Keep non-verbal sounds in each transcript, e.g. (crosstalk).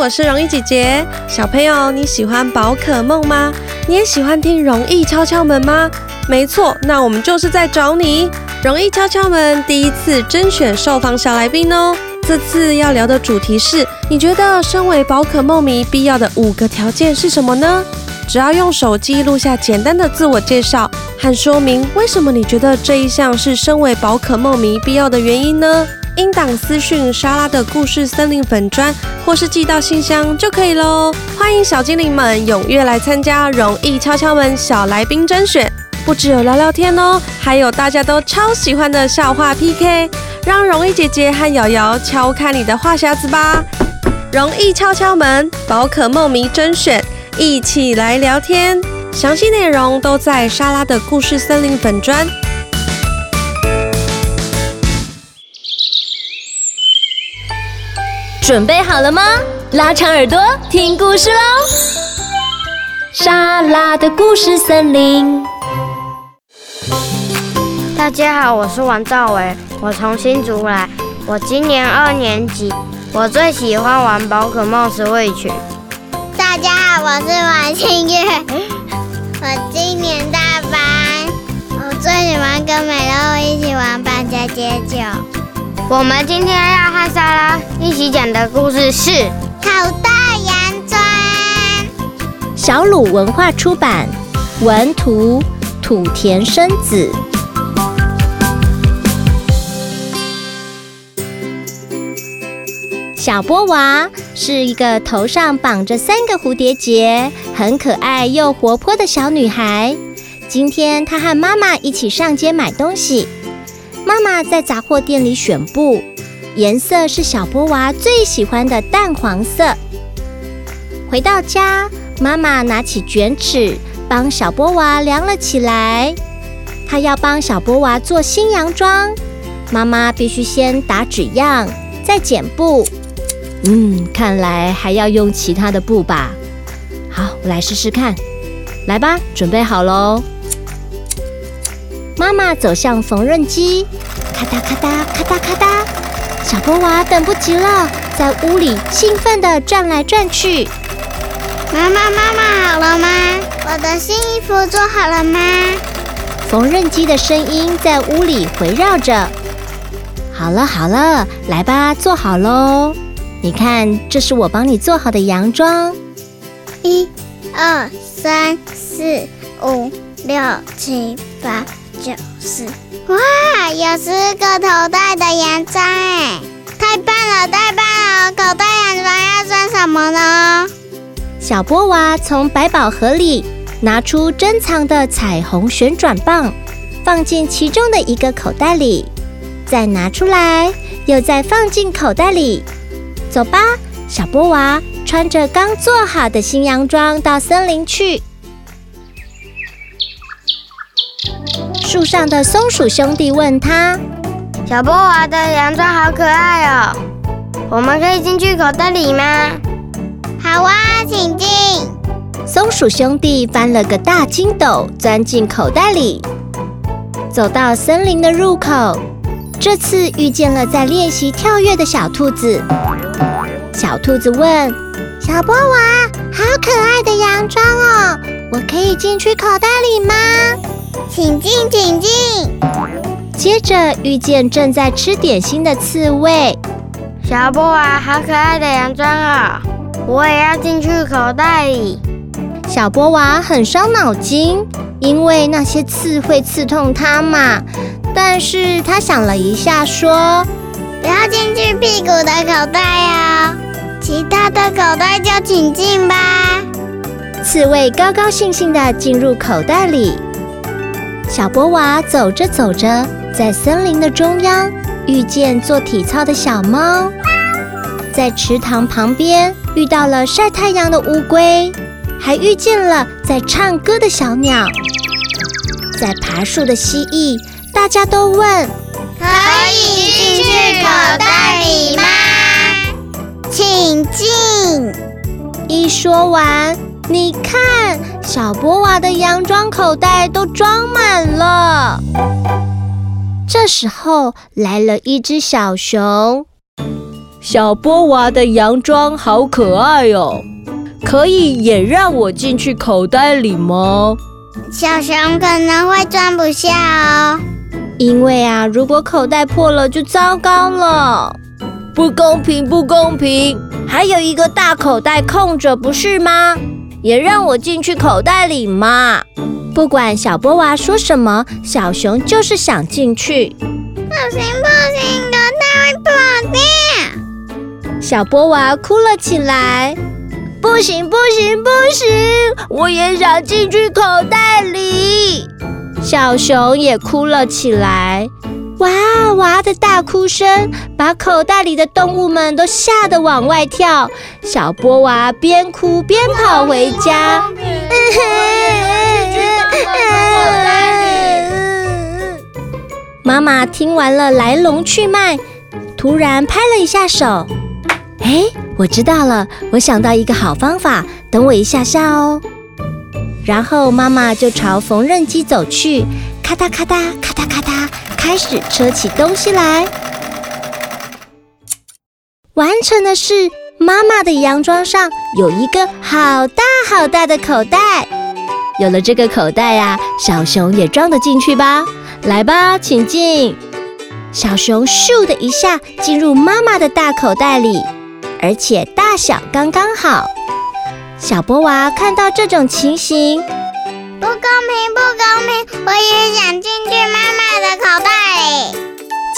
我是容易姐姐，小朋友你喜歡寶可夢嗎？你也喜歡聽容易敲敲門嗎？沒錯，那我們就是在找你。容易敲敲門第一次徵選受訪小來賓哦，這次要聊的主題是，你覺得身為寶可夢迷必要的五個條件是什麼呢？只要用手機錄下簡單的自我介紹，和說明為什麼你覺得這一項是身為寶可夢迷必要的原因呢？音檔私訊莎拉的故事森林粉專，或是寄到信箱就可以嘍。歡迎小精靈們踴躍來參加“容易敲敲門小來賓徵選”，不只有聊聊天哦，還有大家都超喜歡的笑話 PK，讓容易姐姐和瑤瑤敲開你的話匣子吧。容易敲敲門寶可夢迷徵選，一起來聊天，詳細內容都在莎拉的故事森林粉專。準備好了嗎？拉長耳朵聽故事嘍！莎拉的故事森林。大家好，我是王肇微，我從新竹來，我今年二年級，我最喜歡玩寶可夢 Switch。大家好，我是王昕玥， (laughs) 我今年大班，我最喜歡跟美樂一起玩扮家家酒。我們今天要和莎拉一起講的故事是《口袋洋裝》，小魯文化出版，文圖土田伸子。小波娃是一個頭上綁着三個蝴蝶結、很可愛又活潑的小女孩。今天她和媽媽一起上街買東西。媽媽在雜貨店裡選布，顏色是小波娃最喜歡的淡黃色。回到家，媽媽拿起捲尺，幫小波娃量了起來。她要幫小波娃做新洋裝，媽媽必須先打紙樣，再剪布。嗯，看來還要用其他的布吧。好，我來試試看。來吧，準備好嘍。媽媽走向縫紉機，咔噠咔噠咔噠咔噠，小波娃等不及了，在屋裡興奮地轉來轉去。媽媽，媽媽好了嗎？我的新衣服做好了嗎？縫紉機的聲音在屋裡回繞着。好了，好了，來吧，做好嘍。你看，這是我幫你做好的洋裝。一、二、三、四、五、六、七、八。就是哇，有十個口袋的洋裝哎，太棒了，太棒了！口袋洋裝要裝什麼呢？小波娃從百寶盒裡拿出珍藏的彩虹旋轉棒，放進其中的一個口袋裡，再拿出來，又再放進口袋裡。走吧，小波娃穿着剛做好的新洋裝到森林去。樹上的松鼠兄弟問他：“小波娃的洋裝好可愛哦，我們可以進去口袋裡嗎？”“好啊，請進。”松鼠兄弟翻了個大筋斗，鑽進口袋裡，走到森林的入口。這次遇見了在練習跳躍的小兔子。小兔子問：“小波娃，好可愛的洋裝哦，我可以進去口袋裡嗎？”請進，請進。接着遇見正在吃點心的刺蝟，小波娃，好可愛的洋裝啊！我也要進去口袋裡。小波娃很傷腦筋，因為那些刺會刺痛它嘛。但是他想了一下，說：“不要進去屁股的口袋呀，哦，其他的口袋就請進吧。”刺蝟高高興興地進入口袋裡。小波娃走着走着，在森林的中央遇見做體操的小貓，在池塘旁邊遇到了曬太陽的烏龜，還遇見了在唱歌的小鳥，在爬樹的蜥蜴。大家都問：“可以進去口袋裡嗎？”“請進。”一說完，你看。小波娃的洋裝口袋都裝滿了。這時候來了一只小熊，小波娃的洋裝好可愛哦，可以也讓我進去口袋裡嗎？小熊可能會裝不下哦，因為啊，如果口袋破了就糟糕了。不公平，不公平！還有一個大口袋空着，不是嗎？也讓我進去口袋裡嘛！不管小波娃說什麼，小熊就是想進去。不行不行的，它會跑的！小波娃哭了起來。不行不行不行，我也想進去口袋裡。小熊也哭了起來。哇哇的大哭聲，把口袋裡的動物們都嚇得往外跳。小波娃邊哭邊跑回家。媽媽，媽媽聽完了來龍去脈，突然拍了一下手。哎，我知道了，我想到一個好方法，等我一下下哦。然後媽媽就朝縫紉機走去。咔嗒咔嗒咔嗒咔嗒，開始車起東西來。完成的是媽媽的洋裝上有一個好大好大的口袋。有了這個口袋呀、啊，小熊也裝得進去吧？來吧，請進。小熊咻的一下進入媽媽的大口袋裡，而且大小剛剛好。小波娃看到這種情形，不公平，不公平！我也想進去媽媽的口袋裡。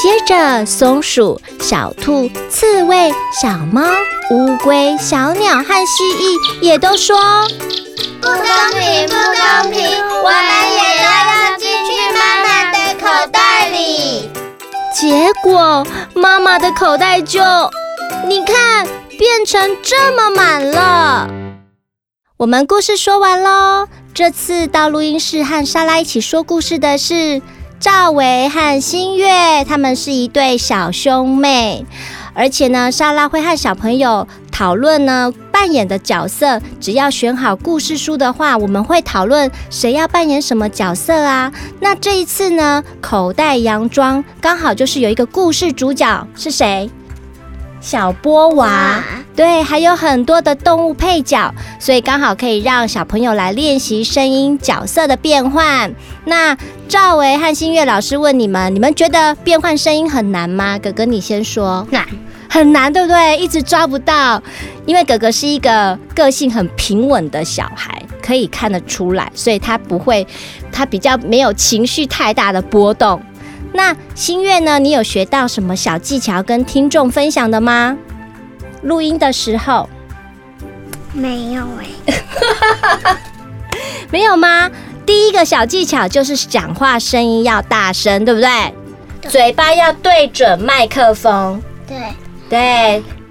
接着，松鼠、小兔、刺蝟、小貓、烏龜、小鳥和蜥蜴也都說：“不公平，不公平！我們也要要進去媽媽的口袋裡。”結果，媽媽的口袋就，你看，變成這麼滿了。我們故事說完嘍。這次到錄音室和莎拉一起說故事的是肇微和昕玥，他們是一對小兄妹。而且呢，莎拉會和小朋友討論呢扮演，的角色。只要選好故事書的話，我們會討論，誰要扮演什麼角色啊？那這一次呢，口袋洋裝剛好就是有一個故事主角是誰？小波娃，哇對，還有很多的動物配角，所以剛好可以讓小朋友來練習聲音角色的變換。那肇微和昕玥老師問你們，你們覺得變換聲音很難嗎？哥哥，你先說，難、啊，很難，對不對？一直抓不到，因為哥哥是一個個性很平穩的小孩，可以看得出來，所以他不會，他比較沒有情緒太大的波動。那昕玥呢？你有學到什麼小技巧跟聽眾分享的嗎？錄音的時候，沒有哎、欸， (laughs) 沒有嗎？第一個小技巧就是講話聲音要大聲，對不對？對。嘴巴要對準麥克風，對對。對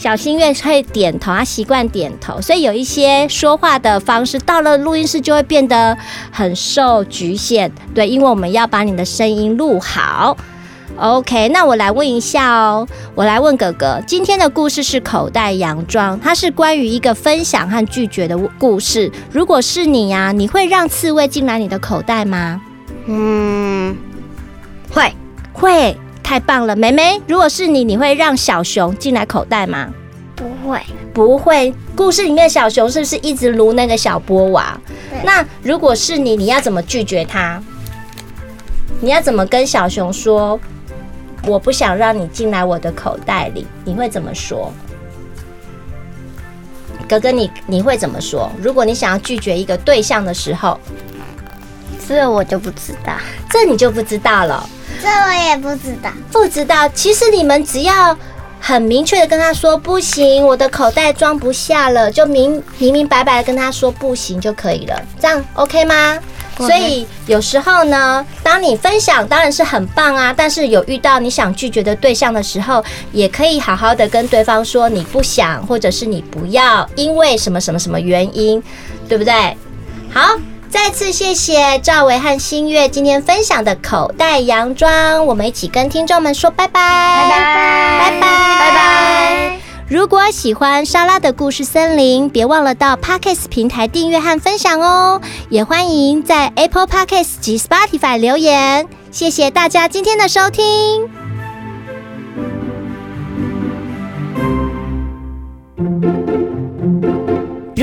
小昕玥會點頭，他習慣點頭，所以有一些說話的方式到了錄音室就會變得很受局限。對，因為我們要把你的聲音錄好。OK，那我來問一下哦，我來問哥哥，今天的故事是口袋洋裝，它是關於一個分享和拒絕的故事。如果是你呀、啊，你會讓刺蝟進來你的口袋嗎？嗯，會，會。太棒了，妹妹。如果是你，你會讓小熊進來口袋嗎？不會，不會。故事裡面小熊是不是一直擼那個小波娃？吧那如果是你，你要怎麼拒絕他？你要怎麼跟小熊說我不想讓你進來我的口袋裡？你會怎麼說？哥哥你，你你會怎麼說？如果你想要拒絕一個對象的時候，這我就不知道，這你就不知道了。這我也不知道，不知道。其實你們只要很明確的跟他說不行，我的口袋裝不下了，就明明明白白的跟他說不行就可以了。這樣 OK 嗎？OK 所以有時候呢，當你分享當然是很棒啊，但是有遇到你想拒絕的對象的時候，也可以好好的跟對方說你不想，或者是你不要，因為什麼什麼什麼原因，對不對？好。再次謝謝肇微和昕玥今天分享的口袋洋裝，我們一起跟聽眾們說拜拜，拜拜，拜拜，拜拜。如果喜歡莎拉的故事森林，別忘了到 Podcast 平台訂閱和分享哦，也歡迎在 Apple Podcast 及 Spotify 留言。謝謝大家今天的收聽。